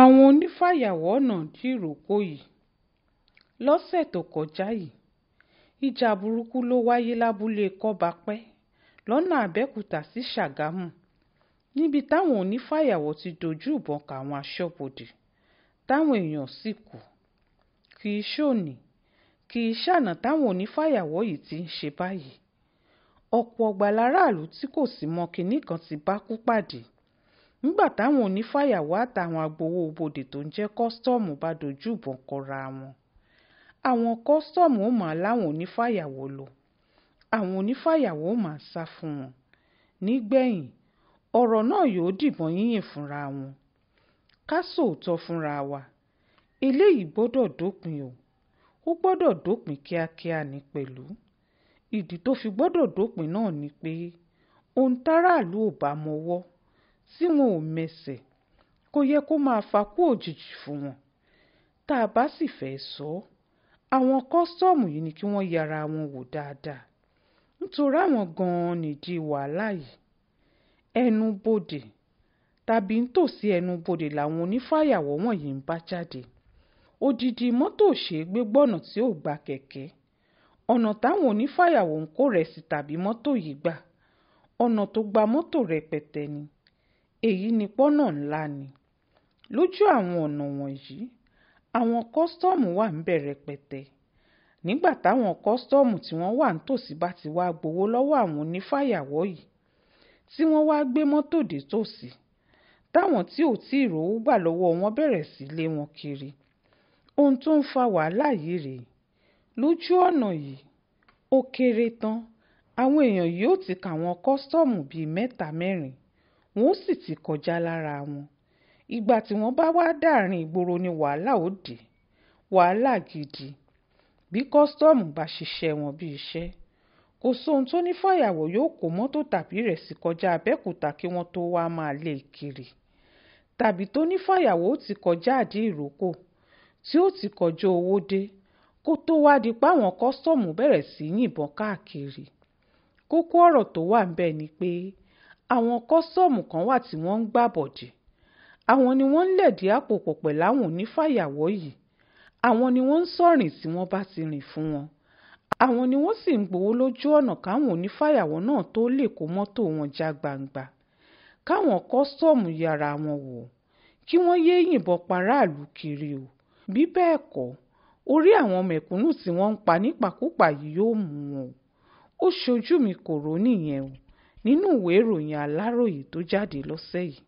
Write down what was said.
àwọn onífàyàwọ́ náà díròkọ yìí lọ́sẹ̀ tó kọjá yìí ìjà burúkú ló wáyé lábúlé kọ́bápẹ́ lọ́nà àbẹ́òkúta sí ṣàgámù níbi táwọn onífàyàwọ́ ti dojú ìbọn ka àwọn aṣọ́bodè táwọn èèyàn sì kú kì í ṣòní kì í ṣàná táwọn onífàyàwọ́ yìí ti ń ṣe báyìí ọ̀pọ̀ ọgbà láràlú tí kò sì mọ kinní kan ti bá kú pàdé nígbà táwọn onífàyàwọ àtàwọn agbowó ibodè tó ń jẹ́ kọ́sítọ́ọ̀mù bá dojú ìbọn kọra wọn àwọn kọ́sítọ́ọ̀mù ó máa láwọn onífàyàwọ lọ àwọn onífàyàwọ ó máa sá fún wọn nígbẹ̀yìn ọ̀rọ̀ náà yóò dìbọn yíyìn fúnra wọn ká sòótọ́ fúnra wa eléyìí gbọ́dọ̀ dópin o ó gbọ́dọ̀ dópin kíákíá ní pẹ̀lú ìdí tó fi gbọ́dọ̀ dópin náà ni pé ohun táráàlú ò bá mọwọ́ tí wọn ò mẹsẹ̀ kò yẹ kó máa fakú òjijì fún wọn tá a bá sì fẹ́ sọ ọ́ àwọn kọ́sítọ́ọ̀mù yìí ni kí wọ́n yára wọn wò dáadáa nítorí àwọn gan-an nìdí wàhálà yìí ẹnu bodè tàbí nítòsí ẹnu bodè làwọn onífàyàwọ́ wọ̀nyí ń bá jáde odidi mọ́tò ṣe é gbọ́nà tí ò gba kẹ̀kẹ́ ọ̀nà táwọn onífàyàwọ́ ń kó rẹ̀ sí tàbí mọ́tò yìí gbà ọ̀nà tó gba mọ́tò rẹpẹtẹ ni èyí ni pọ́nà ńlá ni lójú àwọn ọ̀nà wọ̀nyí àwọn kọ́sítọ́ọ̀mù wà ń bẹ̀ rẹpẹtẹ nígbà táwọn kọ́sítọ́ọ̀mù tí wọ́n wà nítòsí bá ti wá gbowó lọ́wọ́ àwọn onífàyàwọ́ yìí tí wọ́n wá gbé mọ́tò dé tòsí táwọn tí ò tí ì rówó gbà lọ́wọ́ wọn bẹ̀rẹ̀ sí lé wọn kiri ohun tó ń fa wàhálà yìí rèé lójú ọ̀nà yìí ó kéré tán àwọn èèyàn yóò ti kà wọ́n kọ́sítọ́ọ̀mù bíi mẹ́ta mẹ́rin wọ́n ó sì ti kọjá lára wọn ìgbà tí wọ́n bá wá dàrin ìgboro ni wàhálà ó dé wàhálà gidi bí kọ́sítọ́ọ̀mù bá ṣiṣẹ́ wọn bí iṣẹ́ kò sóhun tó ní fàyàwọ́ yóò kó mọ́tò tàbí ìrẹsì kọjá abẹ́òkúta kí wọ́n tó wá máa lé e kiri tàbí tó ní fàyàwọ́ ó ti kọjá àdí ìrókò tí ó ti kọjá owó dé kó tó wá di páwọn kọ́sítọ́ọ̀mù bẹ̀rẹ̀ sí yìnbọn káàkiri kókó ọ̀rọ̀ tó wà ń bẹ̀ ni pé àwọn kọ́sọ́ọ̀mù kan wà tí wọ́n ń gbà bọ̀dì àwọn ni wọ́n ń lẹ̀dí àpò pọ̀ pẹ̀lú àwọn onífàyàwọ́ yìí àwọn ni wọ́n ń sọ̀rìn tí wọ́n bá ti rìn fún wọn àwọn ni wọ́n sì ń gbowó lójú ọ̀nà káwọn onífàyàwọ́ náà tó lè kó mọ́tò wọn já gbangba káwọn kọ́sọ́ọ̀mù yára wọn wò kí wọ́n yéé yìnbọn paráàlú kiri o bí bẹ́ẹ̀ kọ́ orí àwọn mẹ̀kúnnù tí wọ́n ń pa nípakúpa yìí yóò mú wọn o ó ṣojú mi kò rò nìyẹn o nínú ìwé ìròyìn aláròye tó jáde lọ́sẹ̀ yìí